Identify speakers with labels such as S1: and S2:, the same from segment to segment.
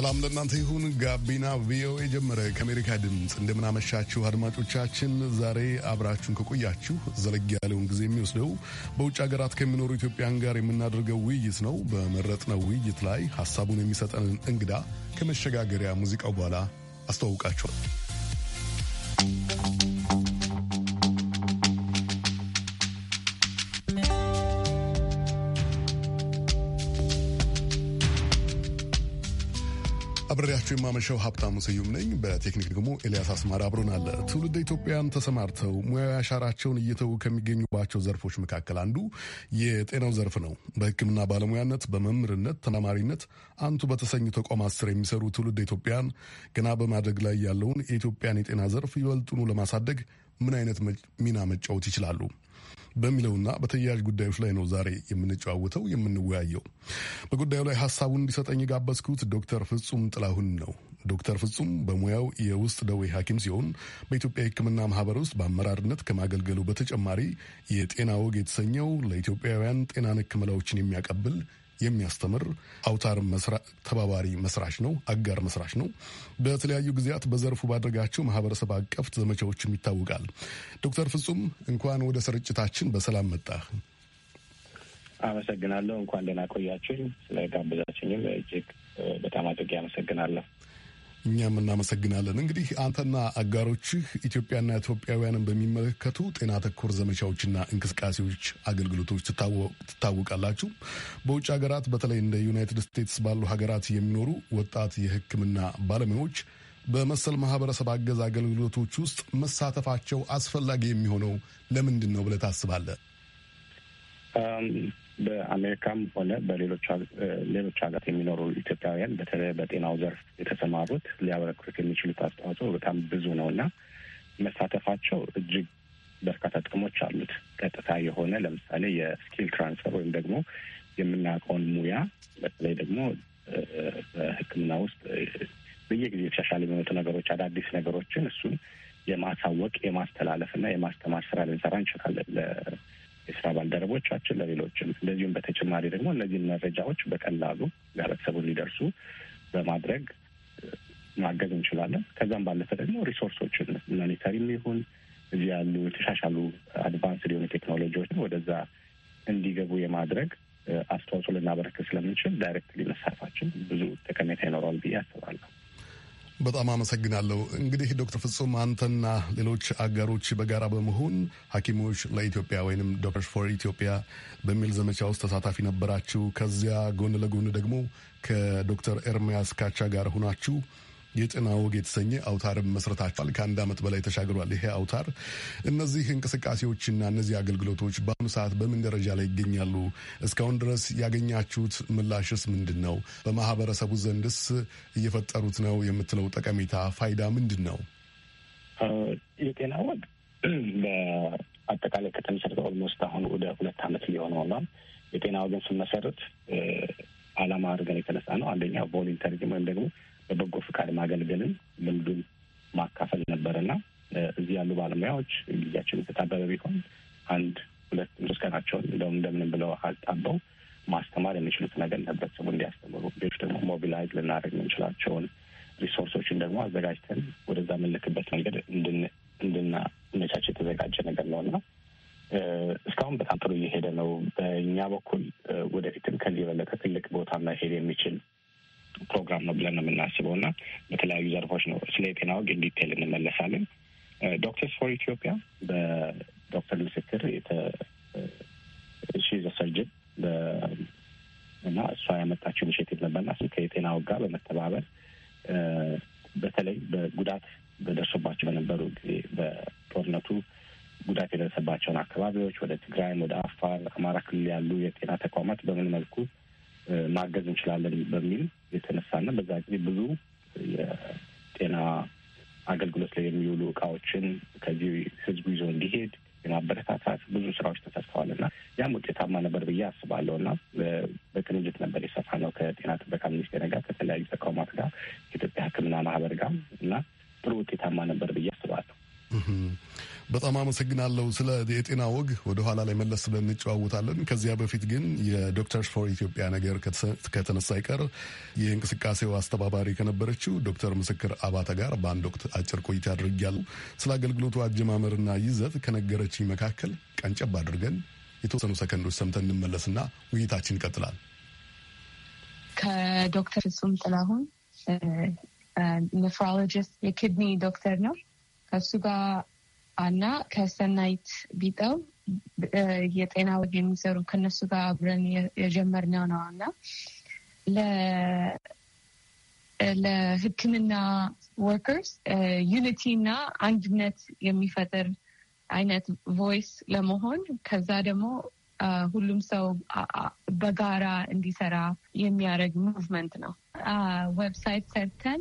S1: ሰላም ለእናንተ ይሁን። ጋቢና ቪኦኤ ጀመረ። ከአሜሪካ ድምፅ እንደምናመሻችሁ አድማጮቻችን። ዛሬ አብራችሁን ከቆያችሁ ዘለግ ያለውን ጊዜ የሚወስደው በውጭ ሀገራት ከሚኖሩ ኢትዮጵያን ጋር የምናደርገው ውይይት ነው። በመረጥነው ውይይት ላይ ሀሳቡን የሚሰጠንን እንግዳ ከመሸጋገሪያ ሙዚቃው በኋላ አስተዋውቃችኋል። አብሬያቸው የማመሸው ሀብታሙ ስዩም ነኝ። በቴክኒክ ደግሞ ኤልያስ አስማር አብሮን አለ። ትውልደ ኢትዮጵያን ተሰማርተው ሙያዊ አሻራቸውን እየተዉ ከሚገኙባቸው ዘርፎች መካከል አንዱ የጤናው ዘርፍ ነው። በሕክምና ባለሙያነት፣ በመምህርነት፣ ተመራማሪነት አንቱ በተሰኙ ተቋማት ስር የሚሰሩ ትውልደ ኢትዮጵያን ገና በማደግ ላይ ያለውን የኢትዮጵያን የጤና ዘርፍ ይበልጡኑ ለማሳደግ ምን አይነት ሚና መጫወት ይችላሉ? በሚለውና በተያያዥ ጉዳዮች ላይ ነው ዛሬ የምንጨዋወተው የምንወያየው። በጉዳዩ ላይ ሀሳቡን እንዲሰጠኝ የጋበዝኩት ዶክተር ፍጹም ጥላሁን ነው። ዶክተር ፍጹም በሙያው የውስጥ ደዌ ሐኪም ሲሆን በኢትዮጵያ የሕክምና ማህበር ውስጥ በአመራርነት ከማገልገሉ በተጨማሪ የጤና ወግ የተሰኘው ለኢትዮጵያውያን ጤና ነክ መላዎችን የሚያቀብል የሚያስተምር አውታር ተባባሪ መስራች ነው፣ አጋር መስራች ነው። በተለያዩ ጊዜያት በዘርፉ ባደረጋቸው ማህበረሰብ አቀፍ ዘመቻዎችም ይታወቃል። ዶክተር ፍጹም እንኳን ወደ ስርጭታችን በሰላም መጣህ።
S2: አመሰግናለሁ። እንኳን ደህና ቆያችሁኝ። ስለጋበዛችሁኝም እጅግ በጣም አድርጌ አመሰግናለሁ።
S1: እኛም እናመሰግናለን። እንግዲህ አንተና አጋሮችህ ኢትዮጵያና ኢትዮጵያውያንን በሚመለከቱ ጤና ተኮር ዘመቻዎችና እንቅስቃሴዎች፣ አገልግሎቶች ትታወቃላችሁ። በውጭ ሀገራት በተለይ እንደ ዩናይትድ ስቴትስ ባሉ ሀገራት የሚኖሩ ወጣት የሕክምና ባለሙያዎች በመሰል ማህበረሰብ አገዝ አገልግሎቶች ውስጥ መሳተፋቸው አስፈላጊ የሚሆነው ለምንድን ነው ብለህ ታስባለህ?
S2: በአሜሪካም ሆነ በሌሎች ሌሎች ሀገራት የሚኖሩ ኢትዮጵያውያን በተለይ በጤናው ዘርፍ የተሰማሩት ሊያበረክቱት የሚችሉት አስተዋጽኦ በጣም ብዙ ነው እና መሳተፋቸው እጅግ በርካታ ጥቅሞች አሉት። ቀጥታ የሆነ ለምሳሌ የስኪል ትራንስፈር ወይም ደግሞ የምናውቀውን ሙያ በተለይ ደግሞ በሕክምና ውስጥ በየጊዜ የተሻሻለ የሚመጡ ነገሮች አዳዲስ ነገሮችን እሱን የማሳወቅ የማስተላለፍ እና የማስተማር ስራ ልንሰራ እንችላለን። የስራ ባልደረቦቻችን፣ ለሌሎችም እንደዚሁም በተጨማሪ ደግሞ እነዚህን መረጃዎች በቀላሉ ለህብረተሰቡ እንዲደርሱ በማድረግ ማገዝ እንችላለን። ከዛም ባለፈ ደግሞ ሪሶርሶችን ሞኒተሪም ይሁን እዚህ ያሉ የተሻሻሉ አድቫንስ የሆኑ ቴክኖሎጂዎችን ወደዛ እንዲገቡ የማድረግ አስተዋጽኦ ልናበረክት ስለምንችል ዳይሬክት መሳተፋችን ብዙ ጠቀሜታ ይኖረዋል ብዬ አስባለሁ።
S1: በጣም አመሰግናለሁ። እንግዲህ ዶክተር ፍጹም አንተና ሌሎች አጋሮች በጋራ በመሆን ሐኪሞች ለኢትዮጵያ ወይም ዶክተርስ ፎር ኢትዮጵያ በሚል ዘመቻ ውስጥ ተሳታፊ ነበራችሁ። ከዚያ ጎን ለጎን ደግሞ ከዶክተር ኤርሚያስ ካቻ ጋር ሆናችሁ የጤና ወግ የተሰኘ አውታርም መስረታችኋል። ከአንድ ዓመት በላይ ተሻግሯል ይሄ አውታር። እነዚህ እንቅስቃሴዎችና እነዚህ አገልግሎቶች በአሁኑ ሰዓት በምን ደረጃ ላይ ይገኛሉ? እስካሁን ድረስ ያገኛችሁት ምላሽስ ምንድን ነው? በማህበረሰቡ ዘንድስ እየፈጠሩት ነው የምትለው ጠቀሜታ ፋይዳ ምንድን ነው?
S2: የጤና ወግ በአጠቃላይ ከተመሰረተ ኦልሞስት አሁን ወደ ሁለት ዓመት ሊሆን ሆኗል። የጤና ወግን ስመሰርት አላማ አድርገን የተነሳ ነው። አንደኛው ቮሊንተሪ ወይም ደግሞ በበጎ ፍቃድ ማገልገልን ልምዱን ማካፈል ነበርና እዚህ ያሉ ባለሙያዎች ጊዜያቸው የተጣበበ ቢሆን አንድ ሁለት ሶስት ቀናቸውን እንደውም እንደምንም ብለው አጣበው ማስተማር የሚችሉት ነገር ለህብረተሰቡ እንዲያስተምሩ፣ ሌሎች ደግሞ ሞቢላይዝ ልናደርግ የምንችላቸውን ሪሶርሶችን ደግሞ አዘጋጅተን ወደዛ የምንልክበት መንገድ እንድናመቻች የተዘጋጀ ነገር ነው እና እስካሁን በጣም ጥሩ እየሄደ ነው። በእኛ በኩል ወደፊትም ከዚህ የበለጠ ትልቅ ቦታ መሄድ የሚችል ፕሮግራም ነው ብለን ነው የምናስበው እና በተለያዩ ዘርፎች ነው ስለ የጤና ወግ ዲቴል እንመለሳለን። ዶክተርስ ፎር ኢትዮጵያ በዶክተር ምስክር ሺ ሰርጅን እና እሷ ያመጣችው ኢኒሽቲቭ ነበርና ከየጤና ጋር በመተባበር
S1: አመሰግናለሁ። ስለ የጤና ወግ ወደ ኋላ ላይ መለስ ብለን እንጨዋወታለን። ከዚያ በፊት ግን የዶክተርስ ፎር ኢትዮጵያ ነገር ከተነሳ አይቀር የእንቅስቃሴው አስተባባሪ ከነበረችው ዶክተር ምስክር አባተ ጋር በአንድ ወቅት አጭር ቆይታ አድርጊያለሁ። ስለ አገልግሎቱ አጀማመርና ይዘት ከነገረችኝ መካከል ቀንጨብ አድርገን የተወሰኑ ሰከንዶች ሰምተን እንመለስና ውይይታችን ይቀጥላል።
S3: ከዶክተር ፍጹም ጥላሁን ኔፍሮሎጂስት የኪድኒ ዶክተር ነው። ከእሱ ጋር እና ከሰናይት ቢጠው የጤና ወግ የሚሰሩ ከነሱ ጋር አብረን የጀመርነው ነው እና ለሕክምና ወርከርስ ዩኒቲ እና አንድነት የሚፈጥር አይነት ቮይስ ለመሆን ከዛ ደግሞ ሁሉም ሰው በጋራ እንዲሰራ የሚያደርግ ሙቭመንት ነው። ዌብሳይት ሰርተን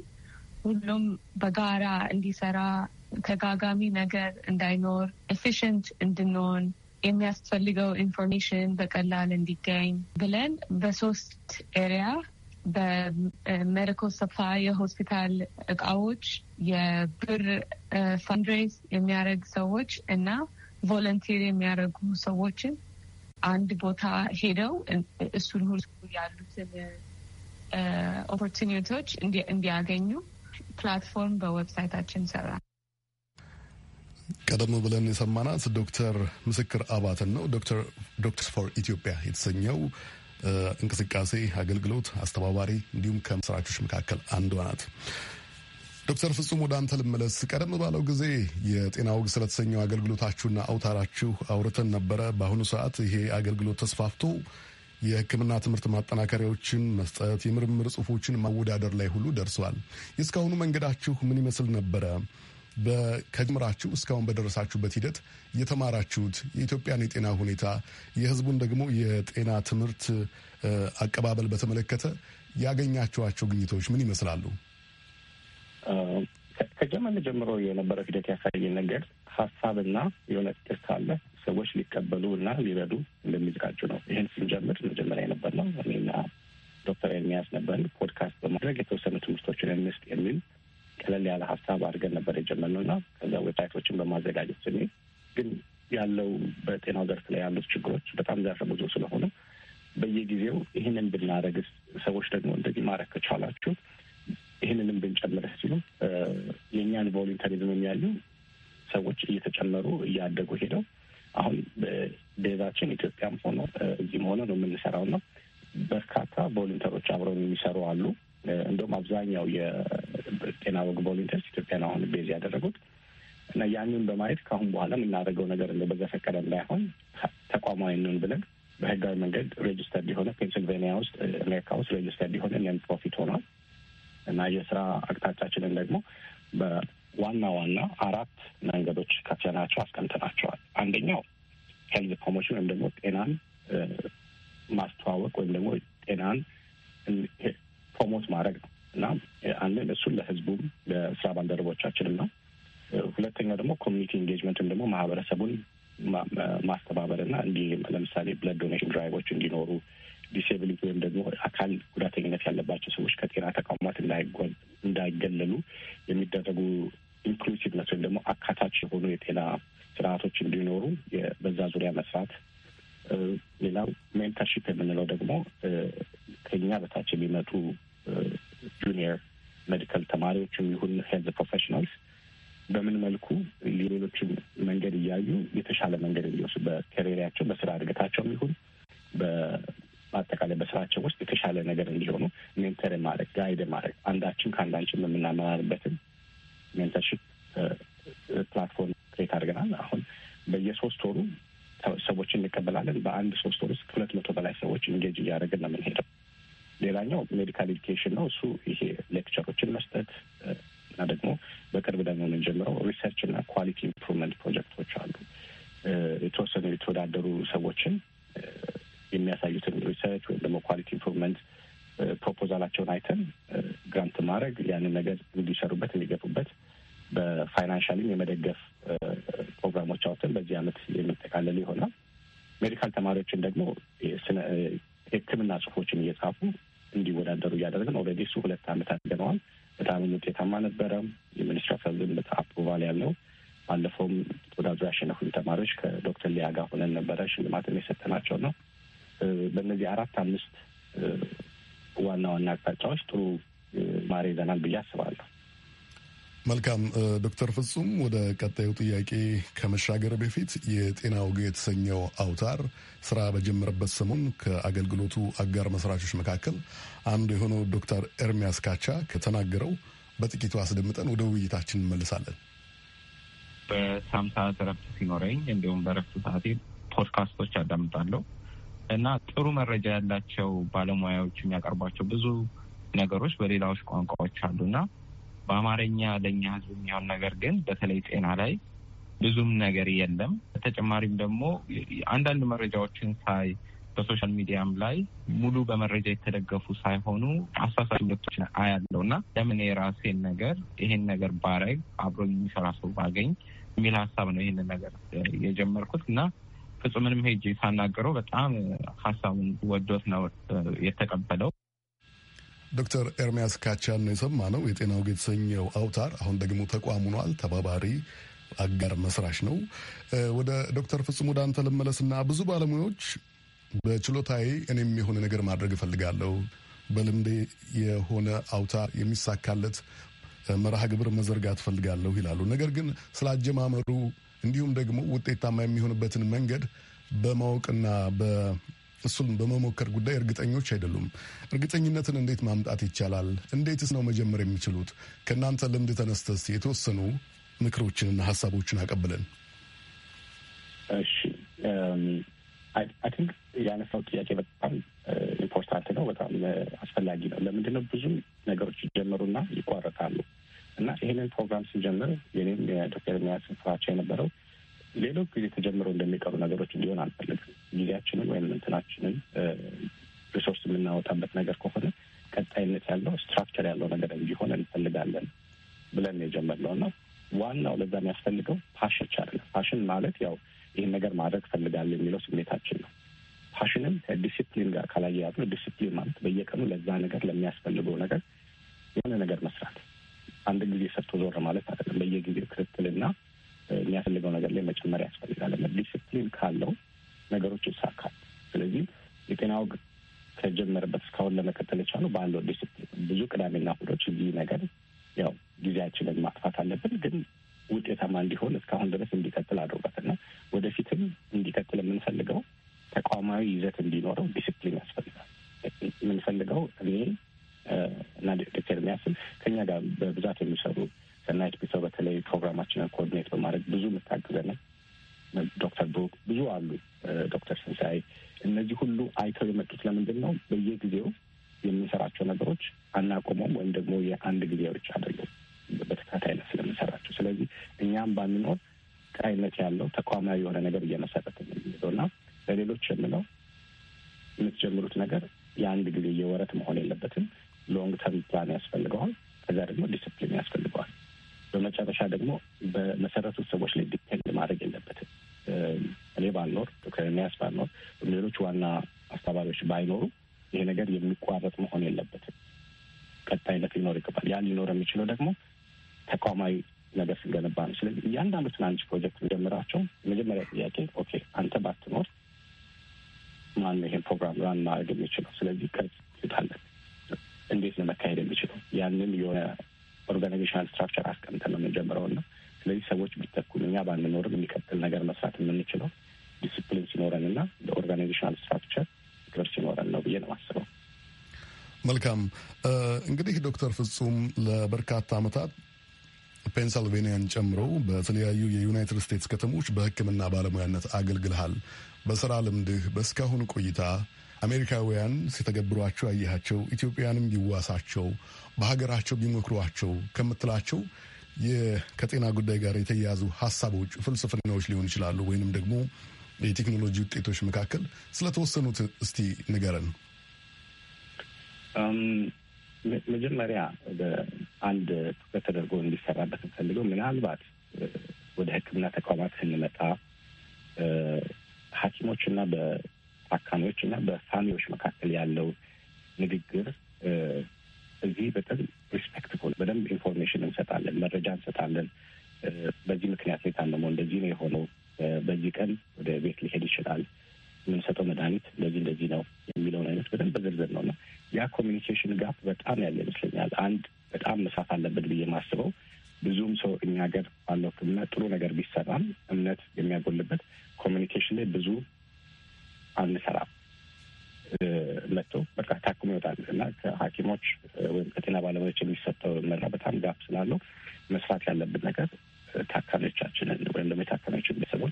S3: ሁሉም በጋራ እንዲሰራ ተጋጋሚ ነገር እንዳይኖር ኤፊሽንት እንድንሆን የሚያስፈልገው ኢንፎርሜሽን በቀላል እንዲገኝ ብለን በሶስት ኤሪያ በሜዲካል ሰፕላይ የሆስፒታል እቃዎች፣ የብር ፈንድሬዝ የሚያደርግ ሰዎች እና ቮለንቲር የሚያደርጉ ሰዎችን አንድ ቦታ ሄደው እሱን ሁሉ ያሉትን ኦፖርቹኒቲዎች እንዲያገኙ ፕላትፎርም በዌብሳይታችን ሰራ።
S1: ቀደም ብለን የሰማናት ዶክተር ምስክር አባትን ነው። ዶክተርስ ፎር ኢትዮጵያ የተሰኘው እንቅስቃሴ አገልግሎት አስተባባሪ እንዲሁም ከመስራቾች መካከል አንዷ ናት። ዶክተር ፍጹም ወደ አንተ ልመለስ። ቀደም ባለው ጊዜ የጤና ወግ ስለተሰኘው አገልግሎታችሁና አውታራችሁ አውርተን ነበረ። በአሁኑ ሰዓት ይሄ አገልግሎት ተስፋፍቶ የሕክምና ትምህርት ማጠናከሪያዎችን መስጠት፣ የምርምር ጽሁፎችን ማወዳደር ላይ ሁሉ ደርሰዋል። የእስካሁኑ መንገዳችሁ ምን ይመስል ነበረ? ከጅምራችሁ እስካሁን በደረሳችሁበት ሂደት የተማራችሁት የኢትዮጵያን የጤና ሁኔታ የህዝቡን ደግሞ የጤና ትምህርት አቀባበል በተመለከተ ያገኛችኋቸው ግኝቶች ምን ይመስላሉ?
S2: ከጀመን ጀምሮ የነበረው ሂደት ያሳየ ነገር ሀሳብና የሆነ ጥቅስ ካለ ሰዎች ሊቀበሉ እና ሊረዱ እንደሚዘጋጁ ነው። ይህን ስንጀምር መጀመሪያ የነበር ነው እኔና ዶክተር ኤርሚያስ ነበር ፖድካስት በማድረግ የተወሰኑ ትምህርቶችን እንስጥ የሚል ቀለል ያለ ሀሳብ አድርገን ነበር የጀመርነው እና ከዚያ ዌብሳይቶችን በማዘጋጀት ስኔ ግን ያለው በጤናው ዘርፍ ላይ ያሉት ችግሮች በጣም ዘርፈ ብዙ ስለሆኑ በየጊዜው ይህንን ብናደረግ ሰዎች ደግሞ እንደዚህ ማድረግ ከቻላችሁ ይህንንም ብንጨምረስ ሲሉ የእኛን ቮሉንተሪዝም የሚያዩ ሰዎች እየተጨመሩ እያደጉ ሄደው አሁን ቤዛችን ኢትዮጵያም ሆኖ እዚህም ሆነ ነው የምንሰራው ነው። በርካታ ቮሉንተሮች አብረው የሚሰሩ አሉ። እንደውም አብዛኛው የጤና ወግ ቮሊንተርስ ኢትዮጵያን አሁን ቤዝ ያደረጉት እና ያንን በማየት ከአሁን በኋላ የምናደርገው ነገር እንደ በዘፈቀደ እንዳይሆን ተቋማዊ ነን ብለን በህጋዊ መንገድ ሬጅስተር ሊሆነ ፔንስልቬኒያ ውስጥ አሜሪካ ውስጥ ሬጅስተር ሊሆነ ነን ፕሮፊት ሆኗል እና የስራ አቅጣጫችንን ደግሞ በዋና ዋና አራት መንገዶች ከፍለናቸው አስቀምጠናቸዋል። አንደኛው ሄልዝ ፕሮሞሽን ወይም ደግሞ ጤናን ማስተዋወቅ ወይም ደግሞ ጤናን ፕሮሞት ማድረግ ነው እና አንድን እሱን ለህዝቡም ለስራ ባልደረቦቻችንም ነው። ሁለተኛው ደግሞ ኮሚኒቲ ኢንጌጅመንትም ደግሞ ማህበረሰቡን ማስተባበር እና እንዲህ ለምሳሌ ብለድ ዶኔሽን ድራይቮች እንዲኖሩ ዲሴብሊቲ ወይም ደግሞ አካል ጉዳተኝነት ያለባቸው ሰዎች ከጤና ተቋማት እንዳይገለሉ የሚደረጉ ኢንክሉሲቭነት ወይም ደግሞ አካታች የሆኑ የጤና ስርዓቶች እንዲኖሩ በዛ ዙሪያ መስራት። ሌላው ሜንተርሺፕ የምንለው ደግሞ ከኛ በታች የሚመጡ ጁኒየር ሜዲካል ተማሪዎችም ይሁን ሄልዝ ፕሮፌሽናልስ በምን መልኩ ሌሎችን መንገድ እያዩ የተሻለ መንገድ እንዲወስዱ በከሬሪያቸው በስራ እድገታቸውም ይሁን በአጠቃላይ በስራቸው ውስጥ የተሻለ ነገር እንዲሆኑ ሜንተር ማድረግ ጋይድ ማድረግ አንዳችን ከአንዳችን የምናመራርበትን ሜንተርሽፕ ፕላትፎርም ክሬት አድርገናል። አሁን በየሶስት ወሩ ሰዎችን እንቀበላለን። በአንድ ሶስት ወር ውስጥ ከሁለት መቶ በላይ ሰዎች እንጌጅ እያደረግን ነው የምንሄደው። ሌላኛው ሜዲካል ኤዱኬሽን ነው። እሱ ይሄ ሌክቸሮችን መስጠት እና ደግሞ በቅርብ ደግሞ የምንጀምረው ሪሰርች እና ኳሊቲ ኢምፕሩቭመንት ፕሮጀክቶች አሉ። የተወሰኑ የተወዳደሩ ሰዎችን የሚያሳዩትን ሪሰርች ወይም ደግሞ ኳሊቲ ኢምፕሩቭመንት ፕሮፖዛላቸውን አይተን ግራንት ማድረግ ያንን ነገር እንዲሰሩበት እንዲገፉበት በፋይናንሻሊም የመደገፍ ፕሮግራሞች አውጥተን በዚህ ዓመት የሚጠቃለል ይሆናል። ሜዲካል ተማሪዎችን ደግሞ የሕክምና ጽሁፎችን እየጻፉ እንዲወዳደሩ እያደረግን ኦልሬዲ እሱ ሁለት አመታት ገነዋል። በጣም ውጤታማ ነበረ። የሚኒስትር ኦፍ ሄልዝ አፕሮቫል ያለው ባለፈውም ተወዳድሮ ያሸነፉኝ ተማሪዎች ከዶክተር ሊያ ጋር ሆነን ነበረ ሽልማትም የሰጠናቸው ነው። በእነዚህ አራት አምስት ዋና ዋና አቅጣጫዎች ጥሩ ማሬ ይዘናል ብዬ አስባለሁ።
S1: መልካም ዶክተር ፍጹም ወደ ቀጣዩ ጥያቄ ከመሻገር በፊት የጤና ወግ የተሰኘው አውታር ስራ በጀመረበት ሰሞን ከአገልግሎቱ አጋር መስራቾች መካከል አንዱ የሆነው ዶክተር ኤርሚያስ ካቻ ከተናገረው በጥቂቱ አስደምጠን ወደ ውይይታችን እንመልሳለን።
S2: ሰዓት እረፍት ሲኖረኝ እንዲሁም በእረፍት ሰዓቴ ፖድካስቶች አዳምጣለሁ እና ጥሩ መረጃ ያላቸው ባለሙያዎች የሚያቀርቧቸው ብዙ ነገሮች በሌላዎች ቋንቋዎች አሉና በአማርኛ ለእኛ ህዝብ የሚሆን ነገር ግን በተለይ ጤና ላይ ብዙም ነገር የለም። በተጨማሪም ደግሞ አንዳንድ መረጃዎችን ሳይ በሶሻል ሚዲያም ላይ ሙሉ በመረጃ የተደገፉ ሳይሆኑ አሳሳች ምልክቶችን አያለው እና ለምን የራሴን ነገር ይሄን ነገር ባረግ አብሮ የሚሰራ ሰው ባገኝ የሚል ሀሳብ ነው ይህንን ነገር የጀመርኩት እና ፍጹምንም ሄጄ ሳናገረው በጣም ሀሳቡን ወዶት ነው የተቀበለው።
S1: ዶክተር ኤርሚያስ ካቻን ነው ነው። የጤና ወግ የተሰኘው አውታር አሁን ደግሞ ተቋም ሆኗል። ተባባሪ አጋር መስራች ነው። ወደ ዶክተር ፍጹም ወደ አንተ ልመለስና ብዙ ባለሙያዎች በችሎታዬ እኔም የሆነ ነገር ማድረግ እፈልጋለሁ፣ በልምዴ የሆነ አውታር የሚሳካለት መርሃ ግብር መዘርጋት እፈልጋለሁ ይላሉ። ነገር ግን ስለ አጀማመሩ እንዲሁም ደግሞ ውጤታማ የሚሆንበትን መንገድ በማወቅና እሱን በመሞከር ጉዳይ እርግጠኞች አይደሉም። እርግጠኝነትን እንዴት ማምጣት ይቻላል? እንዴትስ ነው መጀመር የሚችሉት? ከእናንተ ልምድ ተነስተስ የተወሰኑ ምክሮችንና ሀሳቦችን አቀብለን። እሺ አይ ቲንክ
S2: ያነሳው ጥያቄ በጣም ኢምፖርታንት ነው፣ በጣም አስፈላጊ ነው። ለምንድን ነው ብዙ ነገሮች ይጀመሩና ይቋረጣሉ። እና ይህንን ፕሮግራም ስንጀምር የኔም የዶክተር ሚያስ የነበረው ሌሎች ጊዜ ተጀምረው እንደሚቀሩ ነገሮች እንዲሆን አልፈልግም። ጊዜያችንን ወይም እንትናችንን ሪሶርስ የምናወጣበት ነገር ከሆነ ቀጣይነት ያለው ስትራክቸር ያለው ነገር እንዲሆን እንፈልጋለን ብለን የጀመርነው እና ዋናው ለዛ የሚያስፈልገው ፓሽን ቻለ ፓሽን ማለት ያው ይህን ነገር ማድረግ ፈልጋለ የሚለው ስሜታችን ነው። ፓሽንም ከዲሲፕሊን ጋር ያሉ ዲሲፕሊን ማለት በየቀኑ ለዛ ነገር ለሚያስፈልገው ነገር የሆነ ነገር መስራት፣ አንድ ጊዜ ሰጥቶ ዞር ማለት አይደለም። በየጊዜው ክትትልና የሚያስፈልገው ነገር ላይ መጨመር ያስፈልጋል። ዲስፕሊን ካለው ነገሮች ይሳካል። ስለዚህ የጤና ወግ ከጀመረበት እስካሁን ለመቀጠል የቻሉ ባለው ዲስፕሊን ብዙ ቅዳሜና እሑዶች እዚህ ነገር ያው ጊዜያችንን ማጥፋት አለብን፣ ግን ውጤታማ እንዲሆን እስካሁን ድረስ እንዲቀጥል አድርጓትና ወደፊትም እንዲቀጥል የምንፈልገው ተቋማዊ ይዘት እንዲኖረው ዲስፕሊን ያስፈልጋል። የምንፈልገው እኔ እና ዶክተር ሚያስን ከኛ ጋር በብዛት የሚሰሩ እና ኤድፒ በተለይ ፕሮግራማችንን ኮኦርዲኔት በማድረግ ብዙ የምታግዘን ዶክተር ብሩክ ብዙ አሉ፣ ዶክተር ስንሳይ እነዚህ ሁሉ አይተው የመጡት ለምንድን ነው? በየጊዜው የምንሰራቸው ነገሮች አናቆመውም፣ ወይም ደግሞ የአንድ ጊዜዎች አይደሉም፣ በተከታታይነት ስለምንሰራቸው። ስለዚህ እኛም ባንኖር ቀጣይነት ያለው ተቋማዊ የሆነ ነገር እየመሰረት የሚሄደው እና ለሌሎች የምለው የምትጀምሩት ነገር የአንድ ጊዜ የወረት መሆን የለበትም። ሎንግ ተርም ፕላን ያስፈልገዋል። ከዛ ደግሞ ዲስፕሊን ያስፈልገዋል። በመጨረሻ ደግሞ በመሰረቱ ሰዎች ላይ ዲፔንድ ማድረግ የለበትም። እኔ ባልኖር፣ ዶክተር ባልኖር፣ ሌሎች ዋና አስተባባሪዎች ባይኖሩ ይሄ ነገር የሚቋረጥ መሆን የለበትም። ቀጣይነት ሊኖር ይገባል። ያን ሊኖር የሚችለው ደግሞ ተቋማዊ ነገር ስንገነባ ነው። ስለዚህ እያንዳንዱ ትናንሽ ፕሮጀክት ጀምራቸው የመጀመሪያ ጥያቄ ኦኬ፣ አንተ ባትኖር ማን ይሄን ፕሮግራም ራን ማድረግ የሚችለው? ስለዚህ ከፊት ይታለን እንዴት ነው መካሄድ የሚችለው? ያንን የሆነ ኦርጋናይዜሽናል ስትራክቸር አስቀምጠን ነው የምንጀምረው እና ስለዚህ ሰዎች ቢተኩን እኛ ባንኖርም የሚቀጥል ነገር መስራት የምንችለው ዲስፕሊን ሲኖረን እና ለኦርጋናይዜሽናል ስትራክቸር ክብር ሲኖረን ነው ብዬ ነው አስበው።
S1: መልካም እንግዲህ ዶክተር ፍጹም ለበርካታ ዓመታት ፔንሳልቬኒያን ጨምሮ በተለያዩ የዩናይትድ ስቴትስ ከተሞች በሕክምና ባለሙያነት አገልግልሃል። በስራ ልምድህ በእስካሁን ቆይታ አሜሪካውያን ሲተገብሯቸው ያየሃቸው ኢትዮጵያንም ቢዋሳቸው በሀገራቸው ቢሞክሯቸው ከምትላቸው ከጤና ጉዳይ ጋር የተያያዙ ሀሳቦች፣ ፍልስፍናዎች ሊሆን ይችላሉ ወይንም ደግሞ የቴክኖሎጂ ውጤቶች መካከል ስለተወሰኑት እስቲ ንገረን።
S2: መጀመሪያ አንድ ትኩረት ተደርጎ እንዲሰራበት እንፈልገው ምናልባት ወደ ሕክምና ተቋማት ስንመጣ ሐኪሞች እና ታካሚዎች እና በፋሚዎች መካከል ያለው ንግግር እዚህ በጣም ሪስፔክትፉል በደንብ ኢንፎርሜሽን እንሰጣለን፣ መረጃ እንሰጣለን። በዚህ ምክንያት የታመመው እንደዚህ ነው የሆነው፣ በዚህ ቀን ወደ ቤት ሊሄድ ይችላል፣ የምንሰጠው መድኃኒት እንደዚህ እንደዚህ ነው የሚለውን አይነት በደንብ በዝርዝር ነው እና ያ ኮሚኒኬሽን ጋፕ በጣም ያለ ይመስለኛል። አንድ በጣም መሳት አለበት ብዬ የማስበው ብዙም ሰው እኛ ሀገር ባለው ሕክምና ጥሩ ነገር ቢሰራም እምነት የሚያጎልበት ኮሚኒኬሽን ላይ ብዙ አንሰራም መጥቶ በቃ ታክሞ ይወጣል እና ከሐኪሞች ወይም ከጤና ባለሙያዎች የሚሰጠው መላ በጣም ጋፕ ስላለው መስራት ያለብን ነገር ታካሚዎቻችንን ወይም ደግሞ የታካሚዎችን ቤተሰቦች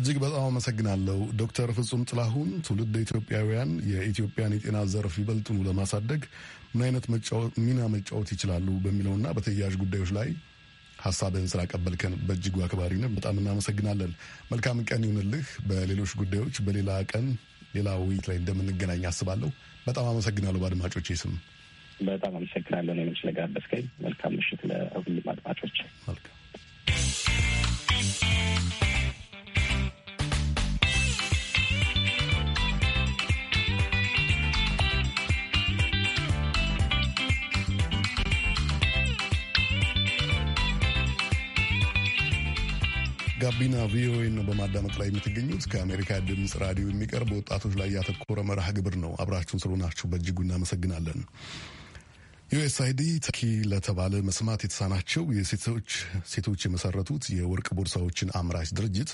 S1: እጅግ በጣም አመሰግናለሁ ዶክተር ፍጹም ጥላሁን። ትውልድ ኢትዮጵያውያን የኢትዮጵያን የጤና ዘርፍ ይበልጥኑ ለማሳደግ ምን አይነት ሚና መጫወት ይችላሉ በሚለውና በተያያዥ ጉዳዮች ላይ ሀሳብን ስላቀበልከን በእጅጉ አክባሪነት በጣም እናመሰግናለን። መልካም ቀን ይሁንልህ። በሌሎች ጉዳዮች በሌላ ቀን ሌላ ውይይት ላይ እንደምንገናኝ አስባለሁ። በጣም አመሰግናለሁ በአድማጮች። ስም በጣም አመሰግናለሁ። ሌሎች ስለጋበዝከኝ መልካም ምሽት ለሁሉም አድማጮች መልካም ጋቢና ቪኦኤ ነው በማዳመጥ ላይ የምትገኙት። ከአሜሪካ ድምፅ ራዲዮ የሚቀርብ ወጣቶች ላይ ያተኮረ መርሃ ግብር ነው። አብራችሁን ስለሆናችሁ በእጅጉ እናመሰግናለን። ዩኤስአይዲ ተኪ ለተባለ መስማት የተሳናቸው የሴቶች ሴቶች የመሰረቱት የወርቅ ቦርሳዎችን አምራች ድርጅት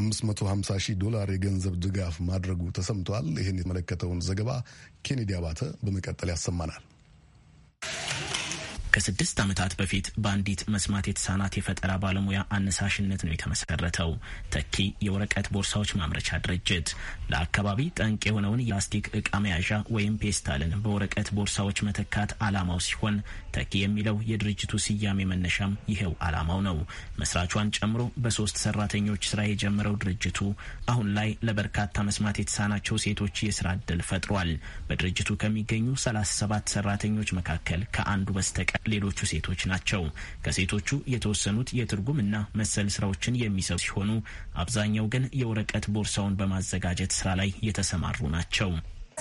S1: 550 ሺህ ዶላር የገንዘብ ድጋፍ ማድረጉ ተሰምቷል። ይህን የተመለከተውን ዘገባ ኬኔዲ አባተ በመቀጠል ያሰማናል።
S4: ከስድስት ዓመታት በፊት በአንዲት መስማት የተሳናት የፈጠራ ባለሙያ አነሳሽነት ነው የተመሰረተው ተኪ የወረቀት ቦርሳዎች ማምረቻ ድርጅት። ለአካባቢ ጠንቅ የሆነውን የላስቲክ እቃ መያዣ ወይም ፔስታልን በወረቀት ቦርሳዎች መተካት አላማው ሲሆን ተኪ የሚለው የድርጅቱ ስያሜ መነሻም ይኸው አላማው ነው። መስራቿን ጨምሮ በሶስት ሰራተኞች ስራ የጀመረው ድርጅቱ አሁን ላይ ለበርካታ መስማት የተሳናቸው ሴቶች የስራ እድል ፈጥሯል። በድርጅቱ ከሚገኙ ሰባት ሰራተኞች መካከል ከአንዱ በስተቀር ሌሎቹ ሴቶች ናቸው። ከሴቶቹ የተወሰኑት የትርጉምና መሰል ስራዎችን የሚሰሩ ሲሆኑ አብዛኛው ግን የወረቀት ቦርሳውን በማዘጋጀት ስራ ላይ የተሰማሩ ናቸው።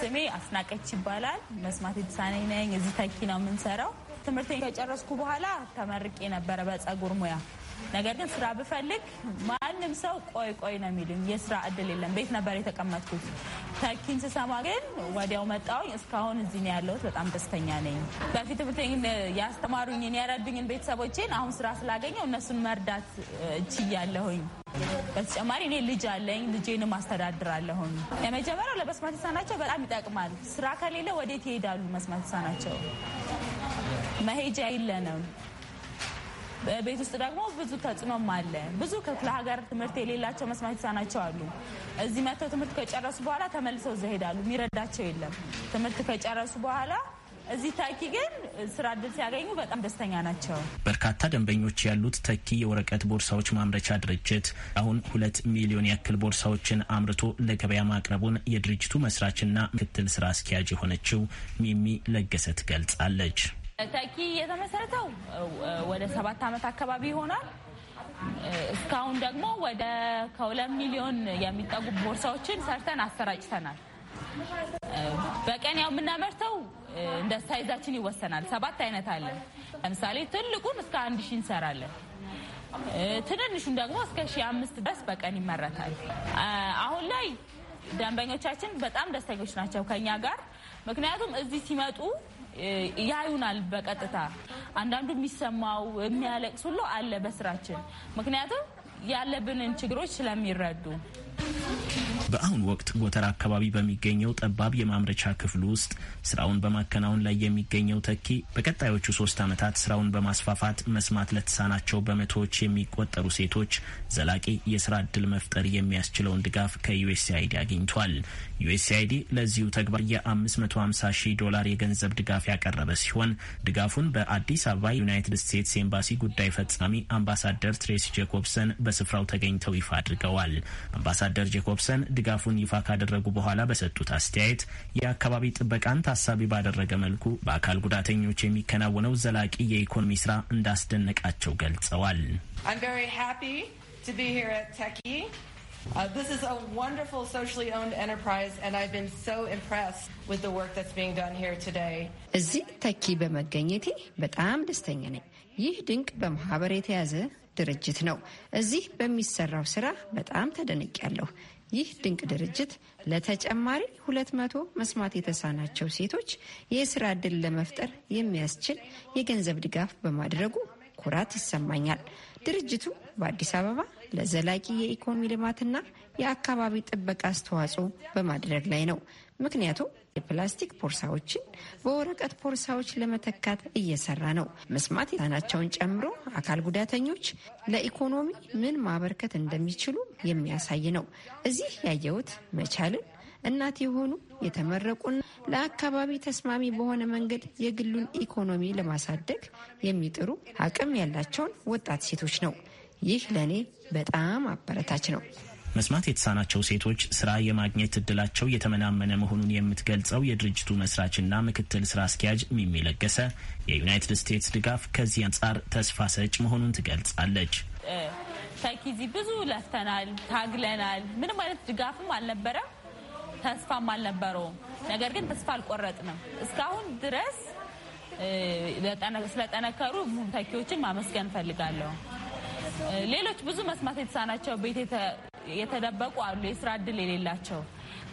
S5: ስሜ አስናቀች ይባላል። መስማት የተሳነኝ ነኝ። እዚህ ተኪ ነው የምንሰራው። ትምህርቴን ከጨረስኩ በኋላ ተመርቄ ነበረ በጸጉር ሙያ ነገር ግን ስራ ብፈልግ ማንም ሰው ቆይ ቆይ ነው የሚሉኝ። የስራ እድል የለም። ቤት ነበር የተቀመጥኩት። ተኪን ስሰማ ግን ወዲያው መጣውኝ። እስካሁን እዚህ ነው ያለሁት። በጣም ደስተኛ ነኝ። በፊት ትምህርቴን ያስተማሩኝን ያረዱኝን ቤተሰቦቼን አሁን ስራ ስላገኘው እነሱን መርዳት እችያለሁኝ። በተጨማሪ እኔ ልጅ አለኝ፣ ልጄንም አስተዳድራለሁኝ። የመጀመሪያው ለመስማት የተሳናቸው በጣም ይጠቅማል። ስራ ከሌለ ወዴት ይሄዳሉ? መስማት የተሳናቸው መሄጃ የለንም። ቤት ውስጥ ደግሞ ብዙ ተጽዕኖም አለ። ብዙ ክፍለ ሀገር ትምህርት የሌላቸው መስማት የተሳናቸው አሉ። እዚህ መጥተው ትምህርት ከጨረሱ በኋላ ተመልሰው እዛ ሄዳሉ። የሚረዳቸው የለም። ትምህርት ከጨረሱ በኋላ እዚህ ተኪ ግን ስራ እድል ሲያገኙ በጣም ደስተኛ ናቸው።
S4: በርካታ ደንበኞች ያሉት ተኪ የወረቀት ቦርሳዎች ማምረቻ ድርጅት አሁን ሁለት ሚሊዮን ያክል ቦርሳዎችን አምርቶ ለገበያ ማቅረቡን የድርጅቱ መስራችና ምክትል ስራ አስኪያጅ የሆነችው ሚሚ ለገሰት ገልጻለች።
S5: ተኪ የተመሰረተው ወደ ሰባት ዓመት አካባቢ ይሆናል። እስካሁን ደግሞ ወደ ከሁለት ሚሊዮን የሚጠጉ ቦርሳዎችን ሰርተን አሰራጭተናል። በቀን ያው የምናመርተው እንደ ሳይዛችን ይወሰናል። ሰባት አይነት አለ። ለምሳሌ ትልቁን እስከ አንድ ሺ እንሰራለን። ትንንሹን ደግሞ እስከ ሺ አምስት ድረስ በቀን ይመረታል። አሁን ላይ ደንበኞቻችን በጣም ደስተኞች ናቸው ከኛ ጋር ምክንያቱም እዚህ ሲመጡ ያዩናል በቀጥታ አንዳንዱ የሚሰማው የሚያለቅስ ሁሉ አለ በስራችን ምክንያቱም ያለብንን ችግሮች ስለሚረዱ
S4: በአሁኑ ወቅት ጎተራ አካባቢ በሚገኘው ጠባብ የማምረቻ ክፍል ውስጥ ስራውን በማከናወን ላይ የሚገኘው ተኪ በቀጣዮቹ ሶስት ዓመታት ስራውን በማስፋፋት መስማት ለተሳናቸው በመቶዎች የሚቆጠሩ ሴቶች ዘላቂ የስራ እድል መፍጠር የሚያስችለውን ድጋፍ ከዩኤስአይዲ አግኝቷል። ዩኤስአይዲ ለዚሁ ተግባር የ550 ሺህ ዶላር የገንዘብ ድጋፍ ያቀረበ ሲሆን ድጋፉን በአዲስ አበባ ዩናይትድ ስቴትስ ኤምባሲ ጉዳይ ፈጻሚ አምባሳደር ትሬሲ ጄኮብሰን በስፍራው ተገኝተው ይፋ አድርገዋል። አምባሳደር ጄኮብሰን ድጋፉን ይፋ ካደረጉ በኋላ በሰጡት አስተያየት የአካባቢ ጥበቃን ታሳቢ ባደረገ መልኩ በአካል ጉዳተኞች የሚከናወነው ዘላቂ የኢኮኖሚ ስራ እንዳስደነቃቸው ገልጸዋል።
S1: Uh, this is a wonderful socially owned enterprise, and I've been so impressed with the work that's being done here today.
S6: እዚህ ተኪ በመገኘቴ በጣም ደስተኛ ነኝ። ይህ ድንቅ በማህበር የተያዘ ድርጅት ነው። እዚህ በሚሰራው ስራ በጣም ያለሁ ይህ ድንቅ ድርጅት ለተጨማሪ ሁለት መቶ መስማት የተሳናቸው ሴቶች የስራ እድል ለመፍጠር የሚያስችል የገንዘብ ድጋፍ በማድረጉ ኩራት ይሰማኛል። ድርጅቱ በአዲስ አበባ ለዘላቂ የኢኮኖሚ ልማትና የአካባቢ ጥበቃ አስተዋጽኦ በማድረግ ላይ ነው። ምክንያቱም የፕላስቲክ ቦርሳዎችን በወረቀት ቦርሳዎች ለመተካት እየሰራ ነው። መስማት የተሳናቸውን ጨምሮ አካል ጉዳተኞች ለኢኮኖሚ ምን ማበርከት እንደሚችሉ የሚያሳይ ነው። እዚህ ያየሁት መቻልን እናት የሆኑ የተመረቁና ለአካባቢ ተስማሚ በሆነ መንገድ የግሉን ኢኮኖሚ ለማሳደግ የሚጥሩ አቅም ያላቸውን ወጣት ሴቶች ነው። ይህ ለእኔ በጣም አበረታች ነው።
S4: መስማት የተሳናቸው ሴቶች ስራ የማግኘት እድላቸው የተመናመነ መሆኑን የምትገልጸው የድርጅቱ መስራችና ምክትል ስራ አስኪያጅ ሚሚ ለገሰ የዩናይትድ ስቴትስ ድጋፍ ከዚህ አንጻር ተስፋ ሰጭ መሆኑን ትገልጻለች።
S5: ተኪዚ ብዙ ለፍተናል፣ ታግለናል። ምንም አይነት ድጋፍም አልነበረም፣ ተስፋም አልነበረውም። ነገር ግን ተስፋ አልቆረጥንም። እስካሁን ድረስ ስለጠነከሩ ተኪዎችን ማመስገን እፈልጋለሁ። ሌሎች ብዙ መስማት የተሳናቸው ቤት የተደበቁ አሉ፣ የስራ እድል የሌላቸው።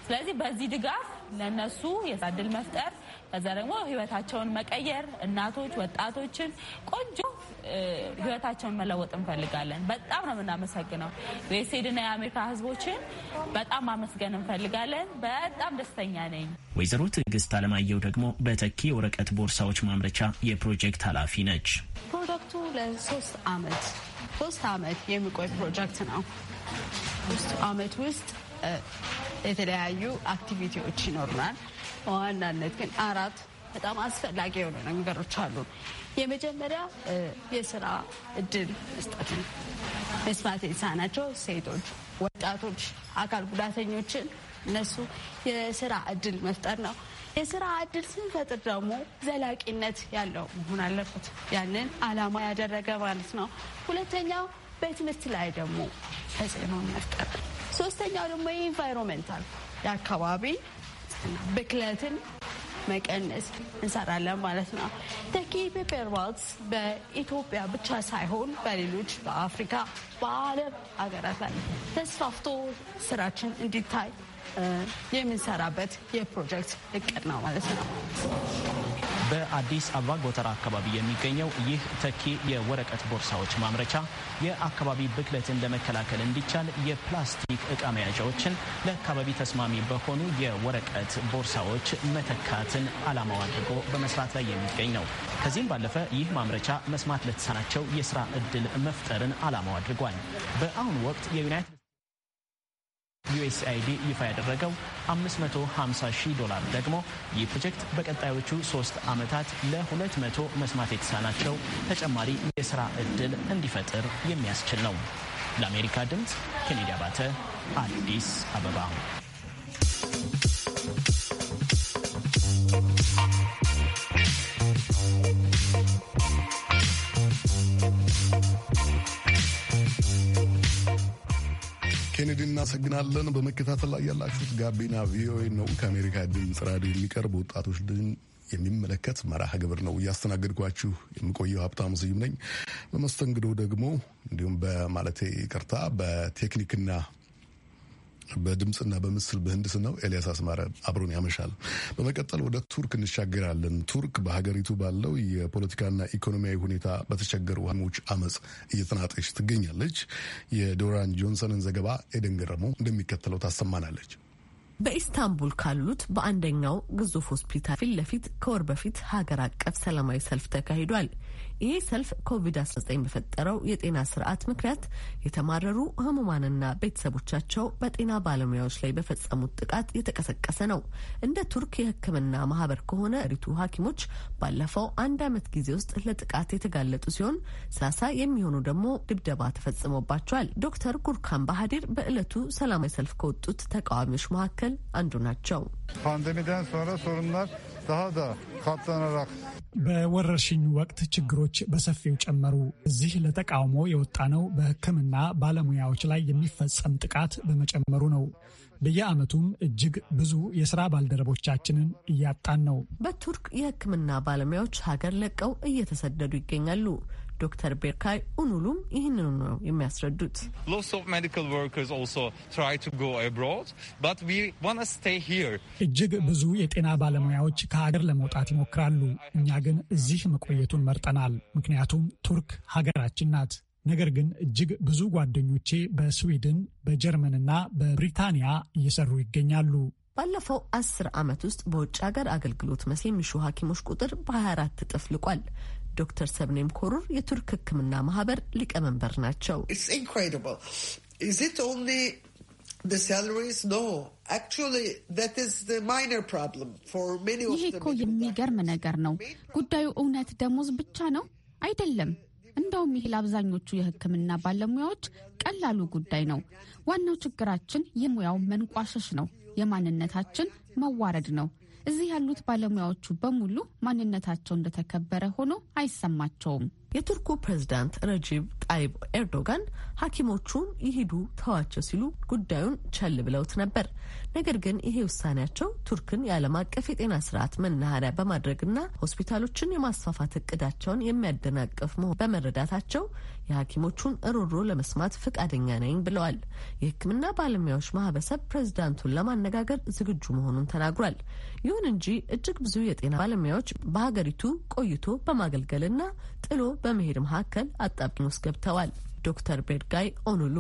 S5: ስለዚህ በዚህ ድጋፍ ለእነሱ የስራ እድል መፍጠር ከዛ ደግሞ ህይወታቸውን መቀየር እናቶች፣ ወጣቶችን ቆንጆ ህይወታቸውን መለወጥ እንፈልጋለን። በጣም ነው የምናመሰግነው የሴድና የአሜሪካ ህዝቦችን በጣም ማመስገን እንፈልጋለን። በጣም ደስተኛ ነኝ።
S4: ወይዘሮ ትዕግስት አለማየሁ ደግሞ በተኪ ወረቀት ቦርሳዎች ማምረቻ የፕሮጀክት ኃላፊ ነች።
S7: ፕሮጀክቱ ለሶስት አመት ሶስት አመት የሚቆይ ፕሮጀክት ነው። ሶስት አመት ውስጥ የተለያዩ አክቲቪቲዎች ይኖሩናል። በዋናነት ግን አራት በጣም አስፈላጊ የሆኑ ነገሮች አሉ። የመጀመሪያ የስራ እድል መስጠት ነው። መስማት የተሳናቸው ሴቶች፣ ወጣቶች፣ አካል ጉዳተኞችን እነሱ የስራ እድል መፍጠር ነው። የስራ እድል ስንፈጥር ደግሞ ዘላቂነት ያለው መሆን አለበት። ያንን አላማ ያደረገ ማለት ነው። ሁለተኛው በትምህርት ላይ ደግሞ ተጽዕኖ መፍጠር፣ ሶስተኛው ደግሞ የኢንቫይሮንመንታል የአካባቢ ብክለትን መቀነስ እንሰራለን ማለት ነው። ተኪ ፔፐርባልስ በኢትዮጵያ ብቻ ሳይሆን በሌሎች በአፍሪካ በዓለም ሀገራት ላይ ተስፋፍቶ ስራችን እንዲታይ የምንሰራበት የፕሮጀክት እቅድ ነው ማለት ነው።
S4: በአዲስ አበባ ጎተራ አካባቢ የሚገኘው ይህ ተኪ የወረቀት ቦርሳዎች ማምረቻ የአካባቢ ብክለትን ለመከላከል እንዲቻል የፕላስቲክ እቃ መያዣዎችን ለአካባቢ ተስማሚ በሆኑ የወረቀት ቦርሳዎች መተካትን ዓላማው አድርጎ በመስራት ላይ የሚገኝ ነው። ከዚህም ባለፈ ይህ ማምረቻ መስማት ለተሳናቸው የስራ እድል መፍጠርን ዓላማው አድርጓል። በአሁኑ ወቅት የዩናይትድ ዩኤስአይዲ ይፋ ያደረገው 550 ሺህ ዶላር ደግሞ ይህ ፕሮጀክት በቀጣዮቹ ሶስት ዓመታት ለ200 መስማት የተሳናቸው ተጨማሪ የስራ እድል እንዲፈጥር የሚያስችል ነው። ለአሜሪካ ድምፅ ኬኔዲ አባተ አዲስ አበባ።
S1: እናመሰግናለን። በመከታተል ላይ ያላችሁት ጋቢና ቪኦኤ ነው። ከአሜሪካ ድምፅ ራዲዮ የሚቀርብ ወጣቶች ድን የሚመለከት መርሃ ግብር ነው። እያስተናገድኳችሁ የምቆየው ሀብታሙ ስዩም ነኝ። በመስተንግዶ ደግሞ እንዲሁም በማለቴ ይቅርታ በቴክኒክና በድምፅና በምስል በህንድስናው ኤልያስ አስማረ አብሮን ያመሻል። በመቀጠል ወደ ቱርክ እንሻገራለን። ቱርክ በሀገሪቱ ባለው የፖለቲካና ኢኮኖሚያዊ ሁኔታ በተቸገሩ ሀሞች አመፅ እየተናጠች ትገኛለች። የዶራን ጆንሰንን ዘገባ ኤደን ገረመው እንደሚከተለው ታሰማናለች።
S8: በኢስታንቡል ካሉት በአንደኛው ግዙፍ ሆስፒታል ፊት ለፊት ከወር በፊት ሀገር አቀፍ ሰላማዊ ሰልፍ ተካሂዷል። ይሄ ሰልፍ ኮቪድ-19 በፈጠረው የጤና ስርዓት ምክንያት የተማረሩ ህሙማንና ቤተሰቦቻቸው በጤና ባለሙያዎች ላይ በፈጸሙት ጥቃት የተቀሰቀሰ ነው። እንደ ቱርክ የህክምና ማህበር ከሆነ ሪቱ ሐኪሞች ባለፈው አንድ ዓመት ጊዜ ውስጥ ለጥቃት የተጋለጡ ሲሆን ሰላሳ የሚሆኑ ደግሞ ድብደባ ተፈጽሞባቸዋል። ዶክተር ጉርካን ባህዲር በዕለቱ ሰላማዊ ሰልፍ ከወጡት ተቃዋሚዎች መካከል አንዱ ናቸው።
S1: ፓንደሚደን daha da katlanarak
S2: ወቅት ችግሮች በሰፊው ጨመሩ። እዚህ ለተቃውሞ የወጣነው በሕክምና ባለሙያዎች ላይ የሚፈጸም ጥቃት በመጨመሩ ነው። በየዓመቱም እጅግ ብዙ የስራ ባልደረቦቻችንን እያጣን ነው። በቱርክ የሕክምና ባለሙያዎች
S8: ሀገር ለቀው እየተሰደዱ ይገኛሉ። ዶክተር ቤርካይ ኡኑሉም ይህንኑ ነው
S2: የሚያስረዱት። እጅግ ብዙ የጤና ባለሙያዎች ከሀገር ለመውጣት ይሞክራሉ። እኛ ግን እዚህ መቆየቱን መርጠናል። ምክንያቱም ቱርክ ሀገራችን ናት። ነገር ግን እጅግ ብዙ ጓደኞቼ በስዊድን በጀርመንና በብሪታንያ እየሰሩ ይገኛሉ።
S8: ባለፈው አስር ዓመት ውስጥ በውጭ ሀገር አገልግሎት መስ የሚሹ ሐኪሞች ቁጥር በ24 እጥፍ ልቋል። ዶክተር ሰብኔም ኮሩር የቱርክ ሕክምና ማህበር ሊቀመንበር ናቸው።
S1: ይሄ እኮ
S7: የሚገርም ነገር ነው። ጉዳዩ እውነት ደሞዝ ብቻ ነው አይደለም። እንደውም ይህ ለአብዛኞቹ የህክምና ባለሙያዎች ቀላሉ ጉዳይ ነው። ዋናው ችግራችን የሙያው መንቋሸሽ ነው። የማንነታችን መዋረድ ነው። እዚህ ያሉት ባለሙያዎቹ በሙሉ ማንነታቸው
S8: እንደተከበረ ሆኖ አይሰማቸውም። የቱርኩ ፕሬዝዳንት ረጂብ ጣይብ ኤርዶጋን ሐኪሞቹን ይሂዱ ተዋቸው ሲሉ ጉዳዩን ቸል ብለውት ነበር። ነገር ግን ይሄ ውሳኔያቸው ቱርክን የዓለም አቀፍ የጤና ስርዓት መናኸሪያ በማድረግና ሆስፒታሎችን የማስፋፋት እቅዳቸውን የሚያደናቅፍ መሆን በመረዳታቸው የሐኪሞቹን እሮሮ ለመስማት ፈቃደኛ ነኝ ብለዋል። የሕክምና ባለሙያዎች ማህበረሰብ ፕሬዝዳንቱን ለማነጋገር ዝግጁ መሆኑን ተናግሯል። ይሁን እንጂ እጅግ ብዙ የጤና ባለሙያዎች በሀገሪቱ ቆይቶ በማገልገልና ጥሎ በመሄድ መካከል አጣብቂኝ ውስጥ ገብተዋል። ዶክተር
S2: ቤርጋይ ኦኑሉ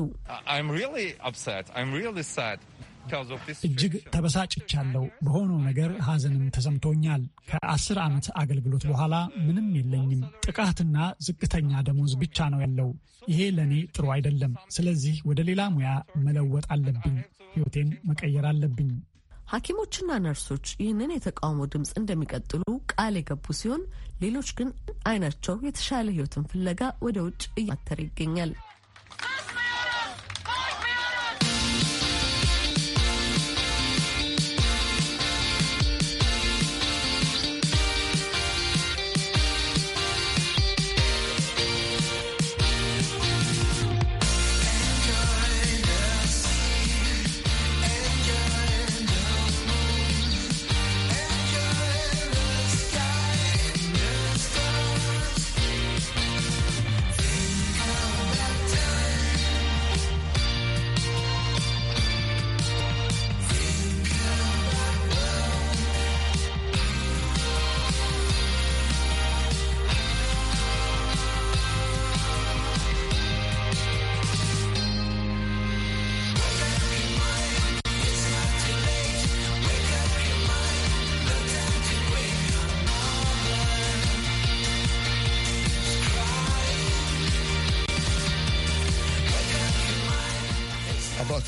S2: እጅግ ተበሳጭቻለሁ። በሆነው ነገር ሐዘንም ተሰምቶኛል። ከአስር ዓመት አገልግሎት በኋላ ምንም የለኝም። ጥቃትና ዝቅተኛ ደሞዝ ብቻ ነው ያለው። ይሄ ለእኔ ጥሩ አይደለም። ስለዚህ ወደ ሌላ ሙያ መለወጥ አለብኝ። ሕይወቴን መቀየር አለብኝ።
S8: ሐኪሞችና ነርሶች ይህንን የተቃውሞ ድምፅ እንደሚቀጥሉ ቃል የገቡ ሲሆን ሌሎች ግን አይናቸው የተሻለ ህይወትን ፍለጋ ወደ ውጭ እያተረ ይገኛል።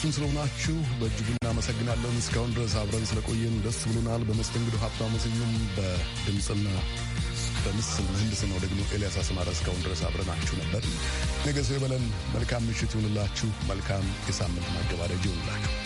S1: አብራችሁን ስለሆናችሁ በእጅጉ እናመሰግናለን። እስካሁን ድረስ አብረን ስለቆየን ደስ ብሎናል። በመስተንግዶ ሀብታሙ ስዩም፣ በድምፅና በምስል ምህንድስናው ደግሞ ኤልያስ አስማረ። እስካሁን ድረስ አብረናችሁ ነበር። ነገ ሰው ይበለን። መልካም ምሽት ይሁንላችሁ። መልካም የሳምንት ማገባደጅ ይሁንላችሁ።